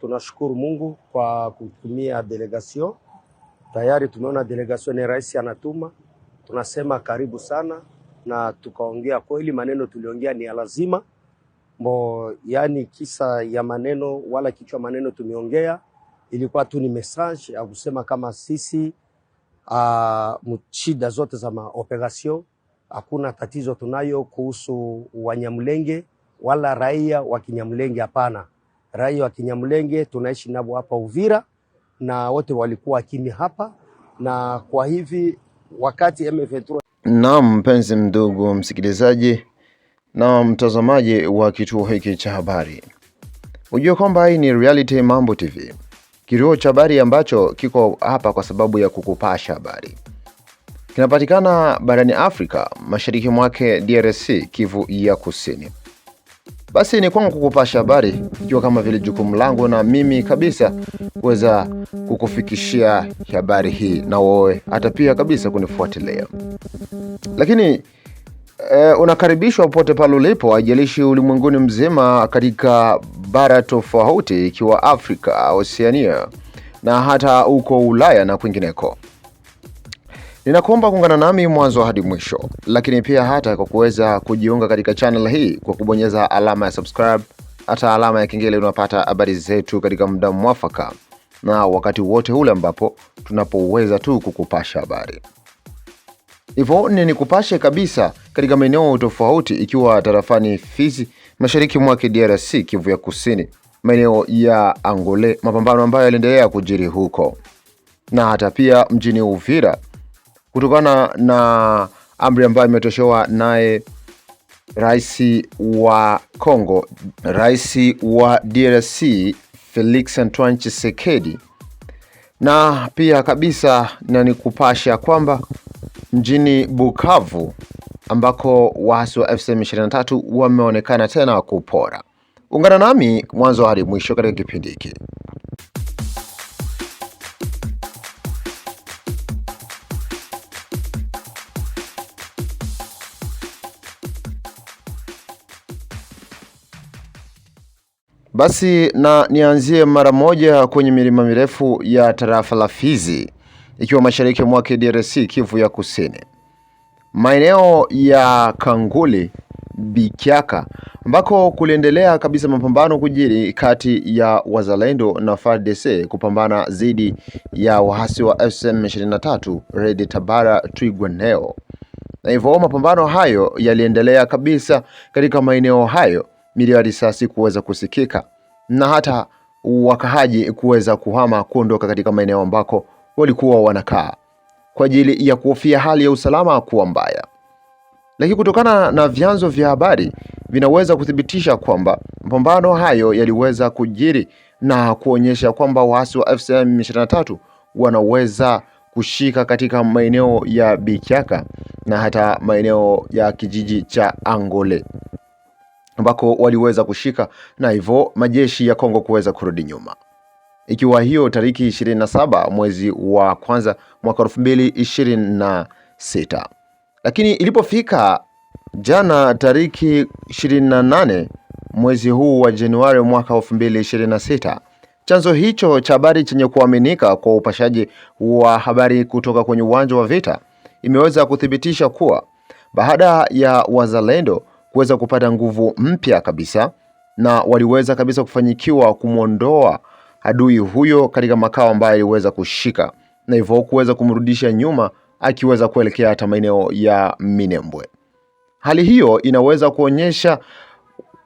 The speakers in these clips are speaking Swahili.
Tunashukuru Mungu kwa kutumia delegation tayari. Tumeona delegation ni rais anatuma, tunasema karibu sana, na tukaongea kweli, maneno tuliongea ni ya lazima mbo, yani kisa ya maneno wala kichwa maneno tumeongea ilikuwa tu ni message ya kusema kama sisi uh, shida zote za maoperation hakuna tatizo tunayo kuhusu Wanyamulenge wala raia wa Kinyamulenge, hapana raia wa Kinyamlenge tunaishi navyo hapa Uvira, na wote walikuwa kimya hapa na kwa hivi wakati M23. Naam, mpenzi mdogo msikilizaji na mtazamaji wa kituo hiki cha habari, hujue kwamba hii ni Reality Mambo TV, kituo cha habari ambacho kiko hapa kwa sababu ya kukupasha habari. Kinapatikana barani Afrika, mashariki mwake DRC, Kivu ya Kusini basi ni kwangu kukupasha habari, ikiwa kama vile jukumu langu na mimi kabisa kuweza kukufikishia habari hii, na wewe hata pia kabisa kunifuatilia. Lakini e, unakaribishwa popote pale ulipo, haijalishi ulimwenguni mzima, katika bara tofauti, ikiwa Afrika, Oceania na hata huko Ulaya na kwingineko. Ninakuomba kuungana nami mwanzo hadi mwisho, lakini pia hata kwa kuweza kujiunga katika channel hii kwa kubonyeza alama ya subscribe, hata alama ya kengele, unapata habari zetu katika muda mwafaka na wakati wote ule ambapo tunapoweza tu kukupasha habari. Hivyo ni nikupashe kabisa katika maeneo tofauti, ikiwa tarafani Fizi, mashariki mwake DRC, Kivu ya Kusini, maeneo ya Angole, mapambano ambayo yaliendelea kujiri huko na hata pia mjini Uvira kutokana na amri ambayo imetoshewa naye rais wa Congo, rais wa DRC Felix Antoine Tshisekedi. Na pia kabisa na ni kupasha kwamba mjini Bukavu ambako waasi wa AFC 23 wameonekana tena kupora. Ungana nami mwanzo hadi mwisho katika kipindi hiki. Basi na nianzie mara moja kwenye milima mirefu ya tarafa la Fizi ikiwa mashariki mwake DRC Kivu ya Kusini, maeneo ya Kanguli bikiaka ambako kuliendelea kabisa mapambano kujiri kati ya wazalendo na FARDC kupambana dhidi ya waasi wa M23 Red Tabara Twirwaneho, na hivyo mapambano hayo yaliendelea kabisa katika maeneo hayo milio ya risasi kuweza kusikika na hata wakahaji kuweza kuhama kuondoka katika maeneo ambako walikuwa wanakaa kwa ajili ya kuhofia hali ya usalama kuwa mbaya. Lakini kutokana na vyanzo vya habari vinaweza kuthibitisha kwamba mapambano hayo yaliweza kujiri na kuonyesha kwamba waasi wa FCM 23 wanaweza kushika katika maeneo ya Bichaka na hata maeneo ya kijiji cha Angole ambako waliweza kushika na hivyo majeshi ya Kongo kuweza kurudi nyuma, ikiwa hiyo tariki 27 mwezi wa kwanza mwaka 2026. Lakini ilipofika jana tariki 28 mwezi huu wa Januari mwaka 2026, chanzo hicho cha habari chenye kuaminika kwa upashaji wa habari kutoka kwenye uwanja wa vita imeweza kuthibitisha kuwa baada ya wazalendo kuweza kupata nguvu mpya kabisa, na waliweza kabisa kufanyikiwa kumwondoa adui huyo katika makao ambayo aliweza kushika, na hivyo kuweza kumrudisha nyuma akiweza kuelekea hata maeneo ya Minembwe. Hali hiyo inaweza kuonyesha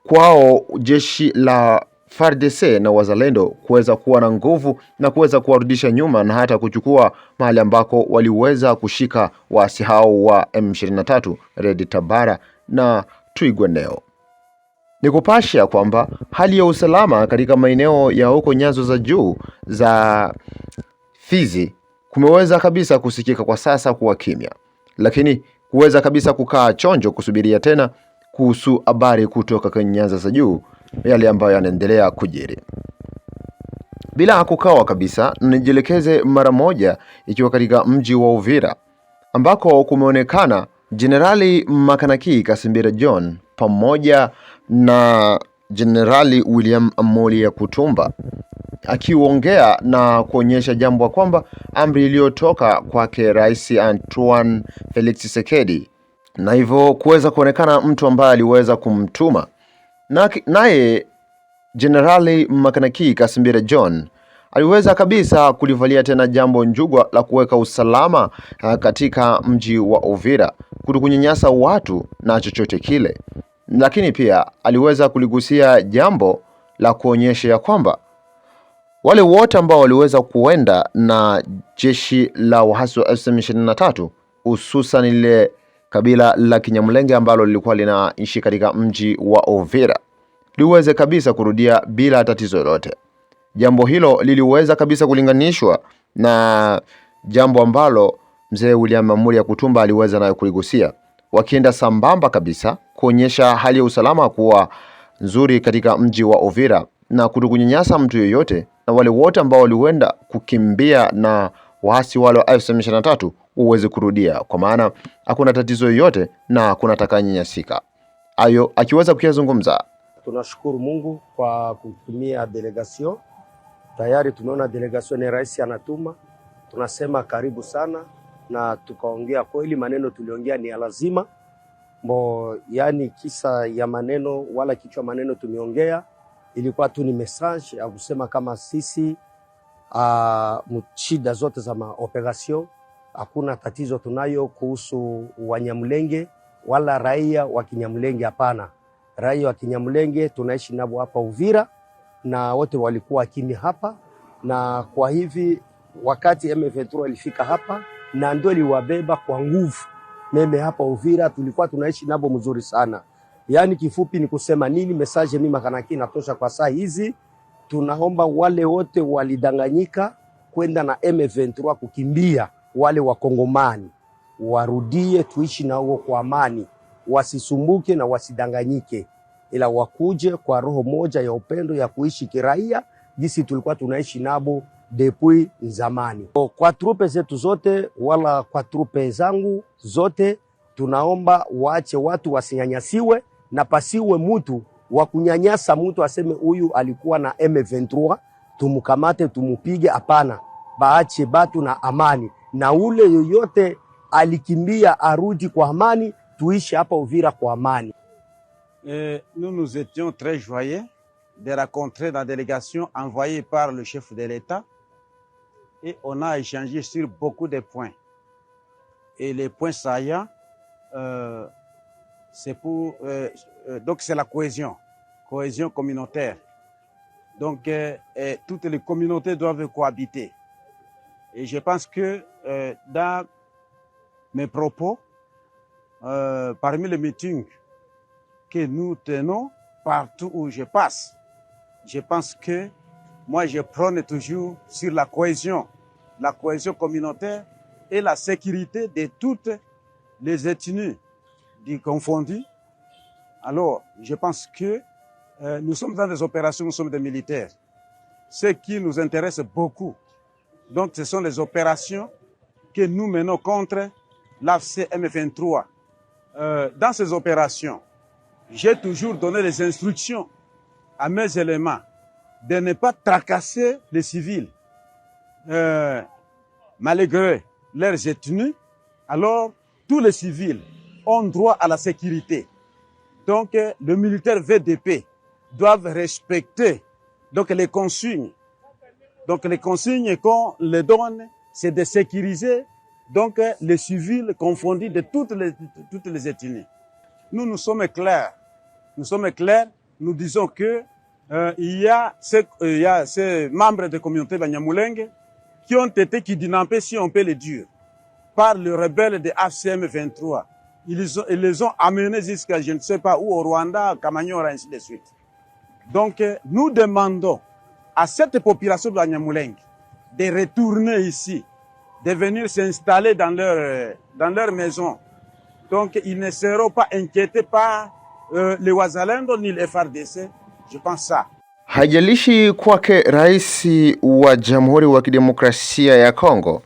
kwao jeshi la FARDC na wazalendo kuweza kuwa na nguvu na kuweza kuwarudisha nyuma na hata kuchukua mahali ambako waliweza kushika waasi hao wa M23 Red Tabara na Twigweneo. Ni kupasha kwamba hali ya usalama katika maeneo ya huko nyanzo za juu za Fizi kumeweza kabisa kusikika kwa sasa kuwa kimya, lakini kuweza kabisa kukaa chonjo kusubiria tena kuhusu habari kutoka kwenye nyanza za juu, yale ambayo yanaendelea kujiri bila kukawa kabisa. Nijielekeze mara moja ikiwa katika mji wa Uvira ambako kumeonekana Jenerali Makanaki Kasimbira John pamoja na Jenerali William Molia Kutumba akiongea na kuonyesha jambo kwamba amri iliyotoka kwake Rais Antoine Felix Tshisekedi na hivyo kuweza kuonekana mtu ambaye aliweza kumtuma naye Jenerali Makanaki Kasimbira John aliweza kabisa kulivalia tena jambo njugwa la kuweka usalama eh, katika mji wa Uvira, kutokunyanyasa watu na chochote kile, lakini pia aliweza kuligusia jambo la kuonyesha ya kwamba wale wote ambao waliweza kuenda na jeshi la waasi wa M23 hususan lile kabila la kinyamlenge ambalo lilikuwa linaishi katika mji wa Uvira liweze kabisa kurudia bila tatizo lolote. Jambo hilo liliweza kabisa kulinganishwa na jambo ambalo mzee William Amuri ya Kutumba aliweza nayo kuligusia, wakienda sambamba kabisa kuonyesha hali ya usalama kuwa nzuri katika mji wa Uvira na kutokunyanyasa mtu yoyote, na wale wote ambao waliwenda kukimbia na waasi wale wa M23 uweze kurudia, kwa maana hakuna tatizo yoyote na hakuna atakayanyanyasika. Hayo akiweza kuyazungumza. Tunashukuru Mungu kwa kutumia delegation tayari tumeona delegation ya rais anatuma, tunasema karibu sana, na tukaongea kweli, maneno tuliongea ni ya lazima mbo, yani kisa ya maneno wala kichwa maneno tumeongea, ilikuwa tu ni message ya kusema kama sisi uh, zote za maoperation hakuna tatizo tunayo kuhusu Wanyamulenge wala raia wa Kinyamulenge. Hapana, raia wa Kinyamulenge tunaishi nabo hapa Uvira na wote walikuwa kimya hapa, na kwa hivi wakati M23 alifika hapa na ndio liwabeba kwa nguvu. meme hapa Uvira tulikuwa tunaishi nabo mzuri sana. Yaani kifupi ni kusema nini, message mimi makanaki natosha kwa saa hizi. Tunaomba wale wote walidanganyika kwenda na M23 kukimbia, wale wakongomani warudie, tuishi nao kwa amani, wasisumbuke na wasidanganyike ila wakuje kwa roho moja ya upendo ya kuishi kiraia jinsi tulikuwa tunaishi nabo depui zamani. Kwa trupe zetu zote wala kwa trupe zangu zote, tunaomba waache watu wasinyanyasiwe na pasiwe mutu wa kunyanyasa mtu aseme huyu alikuwa na M23 tumukamate tumupige. Hapana, baache batu na amani, na ule yoyote alikimbia arudi kwa amani, tuishi hapa Uvira kwa amani. nous nous étions très joyeux de rencontrer la délégation envoyée par le chef de l'État et on a échangé sur beaucoup de points. Et les points saillants, euh, c'est pour euh, euh donc c'est la cohésion, cohésion communautaire. Donc euh, euh, toutes les communautés doivent cohabiter. Et je pense que dans mes propos, parmi les meetings que nous tenons partout où je passe. Je pense que moi, je prône toujours sur la cohésion, la cohésion communautaire et la sécurité de toutes les ethnies du confondu. Alors, je pense que euh, nous sommes dans des opérations, nous sommes des militaires. Ce qui nous intéresse beaucoup, donc, ce sont les opérations que nous menons contre l'AFC m 23 euh, dans ces opérations, j'ai toujours donné les instructions à mes éléments de ne pas tracasser les civils. Euh, malgré leurs ethnies, alors tous les civils ont droit à la sécurité. Donc euh, le militaire VDP doivent respecter donc les consignes. Donc les consignes qu'on les donne, c'est de sécuriser donc euh, les civils confondus de toutes les, toutes les ethnies. Nous, nous sommes clairs nous sommes clairs, nous disons que euh, il, y a ces, euh, il y a ces membres de communauté Banyamulenge qui ont été kidnappés, si on peut le dire, par le rebelle de ACM 23. Ils, les ont amenés jusqu'à je ne sais pas où, au Rwanda, à Kamanyora, ainsi de suite. Donc, euh, nous demandons à cette population de Banyamulenge de retourner ici, de venir s'installer dans leur, dans leur maison. Donc, ils ne seront pas inquiétés par Euh, le wazalendo ni le FRDC, je pense ça. Haijalishi kwake rais wa Jamhuri wa Kidemokrasia ya Kongo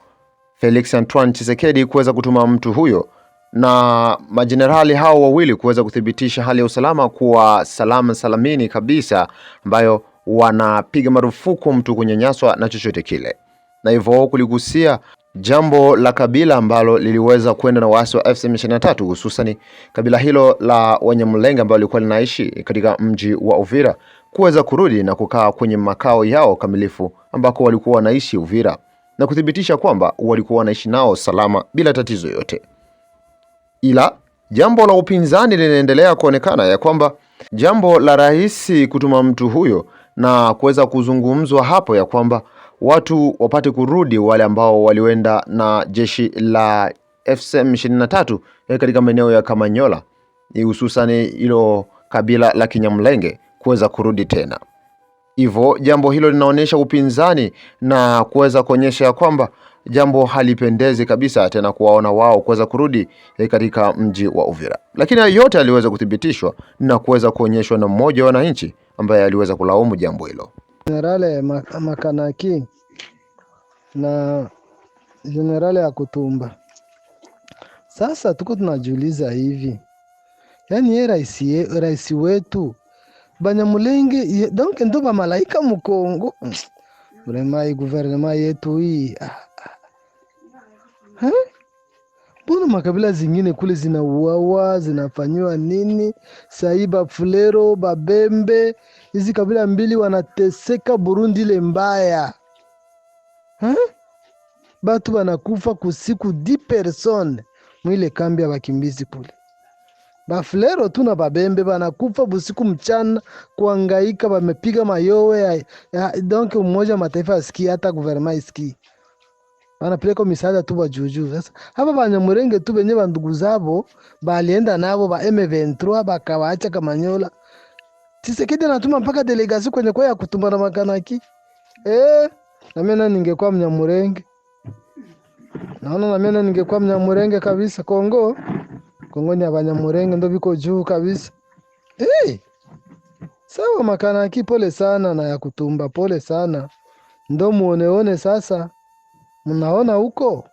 Felix Antoine Tshisekedi kuweza kutuma mtu huyo na majenerali hao wawili kuweza kuthibitisha hali ya usalama kuwa salama salamini kabisa, ambayo wanapiga marufuku mtu kunyanyaswa na chochote kile, na hivyo kuligusia jambo la kabila ambalo liliweza kwenda na waasi wa M23 hususani kabila hilo la Wanyamulenge ambalo lilikuwa linaishi katika mji wa Uvira kuweza kurudi na kukaa kwenye makao yao kamilifu ambako walikuwa wanaishi Uvira na kuthibitisha kwamba walikuwa wanaishi nao salama bila tatizo yote, ila jambo la upinzani linaendelea kuonekana ya kwamba jambo la rais kutuma mtu huyo na kuweza kuzungumzwa hapo ya kwamba watu wapate kurudi, wale ambao waliwenda na jeshi la FSM 23 eh, katika maeneo ya Kamanyola, hususan hilo kabila la Kinyamlenge kuweza kurudi tena. Hivyo jambo hilo linaonyesha upinzani na kuweza kuonyesha kwamba jambo halipendezi kabisa tena kuwaona wao kuweza kurudi eh, katika mji wa Uvira. Lakini yote aliweza kuthibitishwa na kuweza kuonyeshwa na mmoja wa wananchi ambaye aliweza kulaumu jambo hilo. Jenerale Makanaki na jenerale ya Kutumba. Sasa tuko tunajiuliza hivi, yaani ye raisi, raisi wetu Banyamulenge donc ndo malaika mkongo vrema, guvernema yetu hii ah, ah. Mbona makabila zingine kule zinauawa zinafanyiwa nini? Sahi Bafulero, Babembe, hizi kabila mbili wanateseka Burundi ile mbaya ha? Batu banakufa kusiku di persone mwile kambi ya bakimbizi kule. Bafulero tu na Babembe banakufa busiku mchana kuangaika, bamepiga mayowe. donke Umoja Mataifa asikii, hata guvernema isikii. Wanapeleka misaada tu wa juu juu. Sasa hapa Banyamurenge tu benye bandugu zabo balienda nabo ba M23 bakawaacha Kamanyola. Tshisekedi anatuma mpaka delegasi kwenye kwa ya kutumba na makanaki. Eh, na mimi na ningekuwa Mnyamurenge. Naona na mimi na ningekuwa Mnyamurenge kabisa Kongo. Kongo ni Abanyamurenge ndo biko juu kabisa. Eh. Sawa makanaki, pole sana na ya kutumba, pole sana. Ndo muoneone sasa. Mnaona huko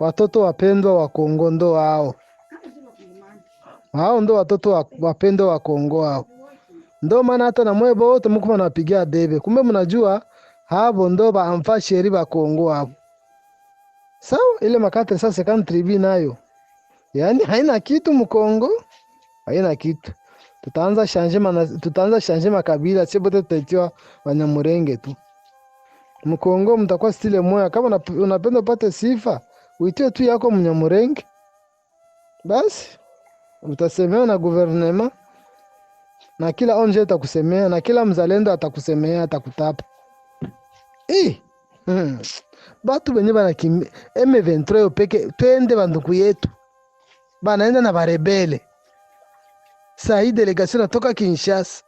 watoto wapendwa wa Kongo, ndo hao hao, ndo watoto wapendwa wa Kongo hao. Ndo maana hata na namwe bote mko mnapigia debe, kumbe mnajua hapo ndo ba amfa sheri ba Kongo habo. Sawa, ile makate sasa country bi nayo yaani haina kitu mkongo, haina kitu. Tutaanza shanjema, tutaanza shanjema kabila, sio bote tutaitiwa Wanyamurenge tu. Mkongo mtakuwa stile moya. Kama unapenda upate sifa, uitie tu yako Mnyamurenge, basi utasemewa na guvernema, na kila onje atakusemea, na kila mzalendo atakusemea, atakutapa hmm. Batu benye banakimbia M23 peke, twende banduku yetu banaenda na barebele. sahi hii delegation natoka Kinshasa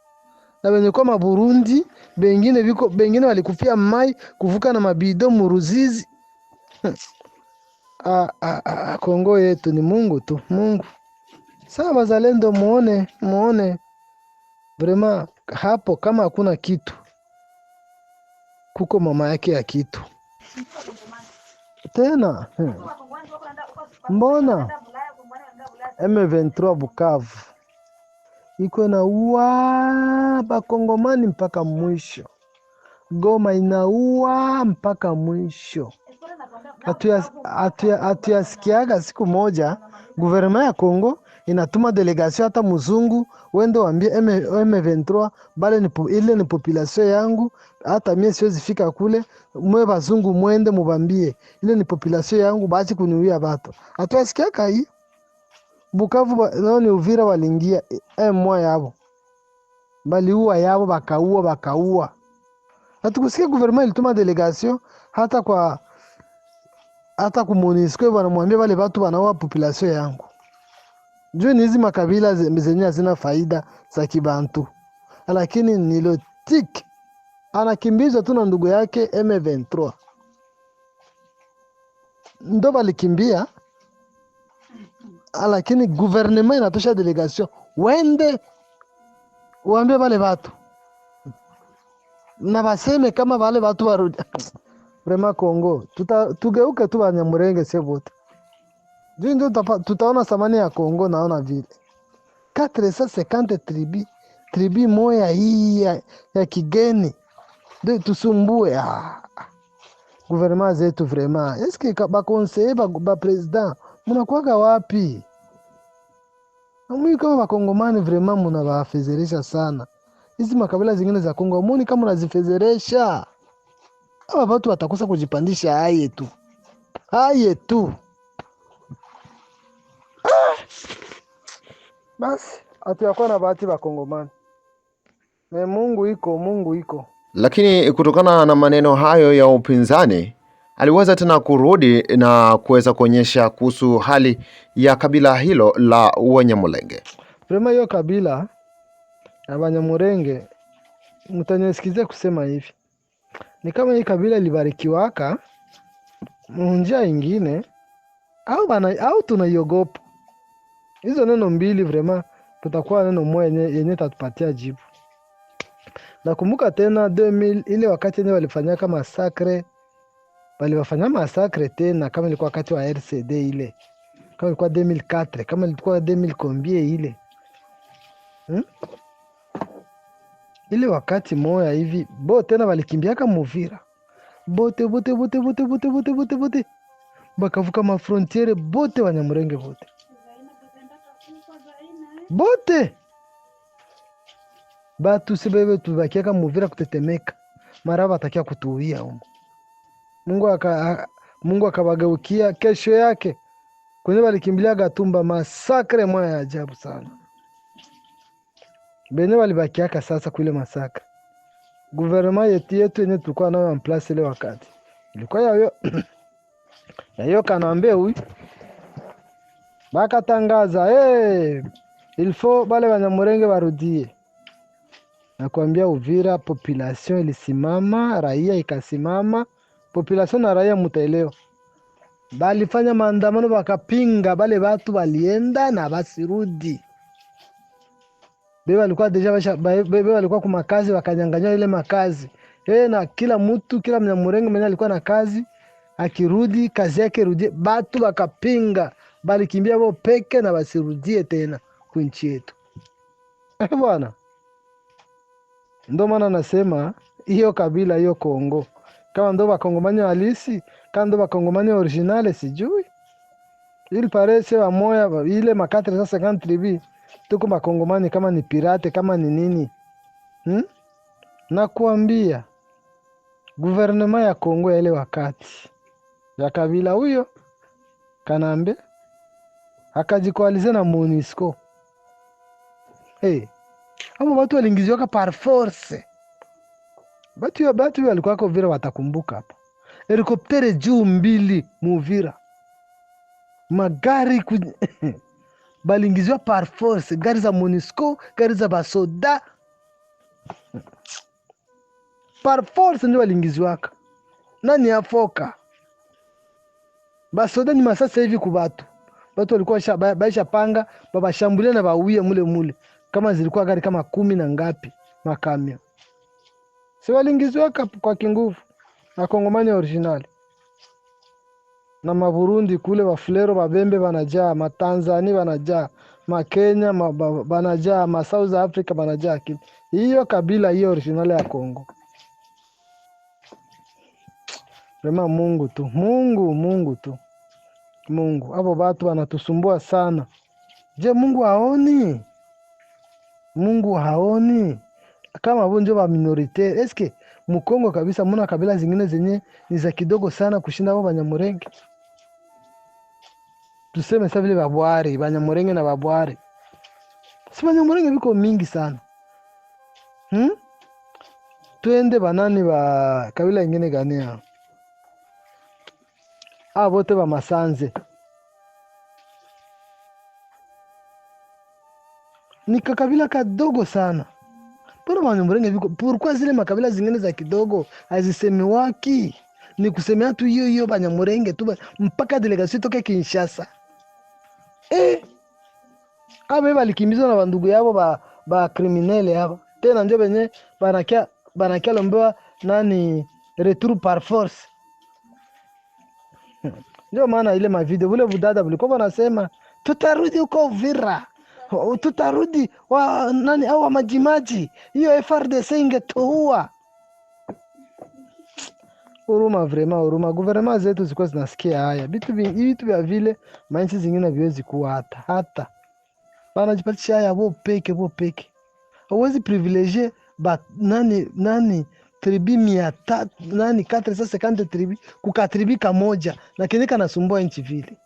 na wenye kwa maburundi bengine viko bengine walikufia mai kuvuka na mabido muruzizi. A, ah, a, ah, a, ah, Kongo yetu ni Mungu tu Mungu. Saa wazalendo muone, muone vrema hapo, kama hakuna kitu kuko mama yake ya kitu tena, hmm. mbona M23 Bukavu iko inaua bakongomani mpaka mwisho. Goma inaua mpaka mwisho. Hatuyasikiaga siku moja guvernema ya Kongo inatuma delegation hata muzungu wende wambie M23 bale ni ile ni population yangu, hata mie siwezi fika kule, mwe bazungu mwende mubambie ile ni population yangu, basi kuniuia bato. Hatuyasikiaka hii Bukavu nao ni Uvira walingia emwa eh, yabo baliua yabo bakaua bakaua, hatukusikia guvernema ilituma delegation hata kwa hata ku MONUSCO wanamwambia wale watu wanaua population yangu. Juu ni hizi makabila zenye hazina faida za kibantu, lakini nilotik anakimbizwa tu na ndugu yake M23 ndo balikimbia Ah, lakini guvernema inatosha delegation wende waambie wale watu na baseme kama wale watu warudi. Vrema Kongo tuta, tugeuke tu Banyamurenge sie vote juu ndio tutaona samani ya Kongo. Naona vile 450 tribi tribi moya hii ya, ya kigeni ndio tusumbue ah. Guvernema zetu vrema eske bakonseye bapresident ba mnakuwaga wapi? Amui kama Wakongomani vrema mnawafezeresha sana. Hizi makabila zingine za Kongo amuni kama unazifezeresha, hawa watu watakosa kujipandisha. Haye tu haye tu ah! Basi hatuyakuwa na bahati Wakongomani. Me Mungu iko Mungu iko. Lakini kutokana na maneno hayo ya upinzani aliweza tena kurudi na kuweza kuonyesha kuhusu hali ya kabila hilo la Wanyamulenge. Prema, hiyo kabila ya Wanyamulenge, mtanyesikize kusema hivi ni kama hii kabila ilibarikiwaka njia ingine au, bana, au tunaiogopa hizo neno mbili. Vrema tutakuwa neno moja yenye tatupatia jibu. Nakumbuka tena 2000 ile wakati yenye walifanyaka masakre waliwafanya masakre tena, kama ilikuwa wakati wa RCD ile, kama ilikuwa 2004 kama ilikuwa 2000 kombie ile hmm? ile wakati moya hivi bo tena walikimbiaka Muvira bote bote bote bote bote bote bote bote bakavuka mafrontiere bote, Wanyamurenge bote bote batusi bebe tubakiaka Muvira kutetemeka mara batakia kutuwia umu Mungu aka, Mungu akabagaukia kesho yake kwenye walikimbilia Gatumba, masakre moya ya ajabu sana benye walibakiaka sasa kuile masakre. Guvernema yetu yetu yenye tulikuwa nayo amplasi ile wakati ilikuwa yayo yayo kanambe huyu bakatangaza hey, ilfo bale Banyamurenge barudie. Nakwambia Uvira population ilisimama, raia ikasimama population na raia mutaelewa. Balifanya maandamano bakapinga, bale batu balienda na basirudi, bebe alikuwa deja bebe alikuwa kumakazi, wakanyanganywa ile makazi yeye na kila mtu, kila mnyamurenge mwenye alikuwa na kazi akirudi kazi yake rudie. Batu bakapinga, balikimbia bo peke na basirudie tena kunchi yetu eh, bwana. ndo maana nasema hiyo kabila hiyo Kongo kama ndo wakongomani halisi, kama ndo wakongomani originale sijui. Il parece wa moya ile ma 450 tribi tuko bakongomani kama ni pirate kama ni nini hmm? kuambia guvernema ya Kongo ya ile wakati ya Kabila huyo Kanambe akajikoalize na Monisco hey. Ama watu walingiziwaka par force Batu ya batu ya kwa Uvira, watakumbuka hapo. Helikoptere juu mbili Muvira, magari ku... balingiziwa par force, gari za Monisco, gari za basoda par force ndio balingiziwaka. Nani afoka basoda ni masasa hivi ku batu batu walikuwa baisha panga shambulia na bawia mule mule, kama zilikuwa gari kama kumi na ngapi makamia si waliingiziweka kwa kinguvu na kongomani original na maburundi kule, wafulero babembe wanajaa matanzani wanajaa makenya ma, ba, banajaa, masouth africa banajaa. Hiyo kabila hiyo original ya congo Rema Mungu tu, Mungu, Mungu tu, Mungu. Hapo batu wanatusumbua sana. Je, Mungu haoni? Mungu haoni? kama vo njo wa minoritaire eske Mukongo kabisa muna kabila zingine zenye ni za kidogo sana kushinda vo Banyamurenge. Tuseme sa vile Babware, Banyamurenge na Babware, si Banyamurenge viko mingi sana hmm? Twende banani ba kabila ingine gani ya Ah, vote ba Masanze ni kakabila kadogo sana Mbona Wanyamulenge viko pourquoi zile makabila zingine za kidogo hazisemewaki? Ni kusemea tu hiyo hiyo Banyamulenge tu mpaka delegasi toke Kinshasa. Eh. Abe balikimbizwa na bandugu yabo ba ba kriminele hapa. Tena ndio benye banakia banakia lombewa nani retour par force. Ndio maana ile mavideo vile budada bulikuwa wanasema tutarudi huko Uvira tutarudi wa nani au Wamajimaji, hiyo FRDC ingetoua. Huruma, vrema huruma. Guvernema zetu zikuwa zinasikia haya vitu vya vile, manchi zingine viwezi kuwa hata hata banajipatisha haya bo peke bo peke, hawezi privilege ba nani nani tribi mia tatu nani katre sasa kante tribi kukatribi kamoja na keneka nasumbua nchi vile,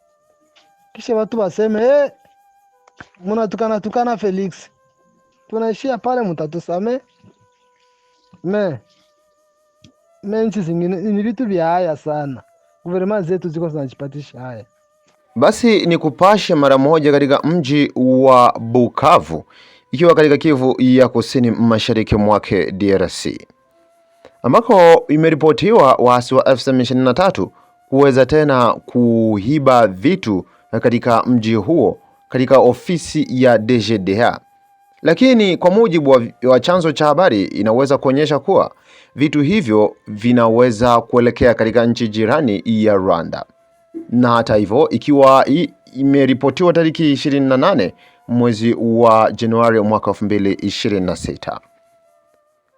kisha watu waseme eh mnatukana tukana Felix, tunaishia pale, mutatusamee me me. Nchi zingine ni vitu vya haya sana, guvernema zetu ziko zinajipatisha haya. Basi ni kupashe mara moja katika mji wa Bukavu, ikiwa katika Kivu ya kusini mashariki mwake DRC, ambako imeripotiwa waasi wa M23 kuweza tena kuhiba vitu katika mji huo katika ofisi ya DGDH, lakini kwa mujibu wa, wa chanzo cha habari inaweza kuonyesha kuwa vitu hivyo vinaweza kuelekea katika nchi jirani ya Rwanda. Na hata hivyo, ikiwa imeripotiwa tariki 28 mwezi wa Januari mwaka 2026.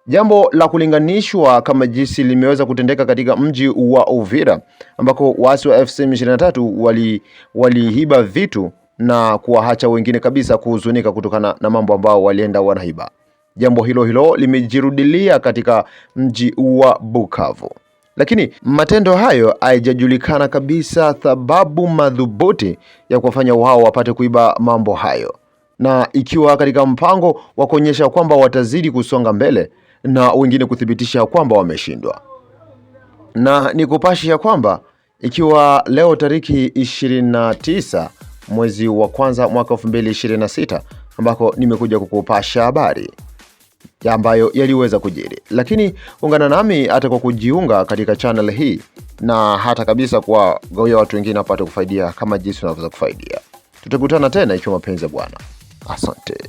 Jambo la kulinganishwa kama jinsi limeweza kutendeka katika mji wa Uvira ambako waasi wa FCM 23 waliiba wali vitu na kuwahacha wengine kabisa kuhuzunika kutokana na mambo ambao walienda wanaiba. Jambo hilo hilo limejirudilia katika mji wa Bukavu, lakini matendo hayo haijajulikana kabisa sababu madhubuti ya kuwafanya wao wapate kuiba mambo hayo, na ikiwa katika mpango wa kuonyesha kwamba watazidi kusonga mbele na wengine kuthibitisha kwamba wameshindwa. Na ni kupashi ya kwamba ikiwa leo tariki 29 mwezi wa kwanza mwaka 2026 ambako nimekuja kukupasha habari ya ambayo yaliweza kujiri, lakini ungana nami hata kwa kujiunga katika channel hii na hata kabisa kuwagawia watu wengine wapate kufaidia kama jinsi unavyoweza kufaidia. Tutakutana tena ikiwa mapenzi ya Bwana. Asante.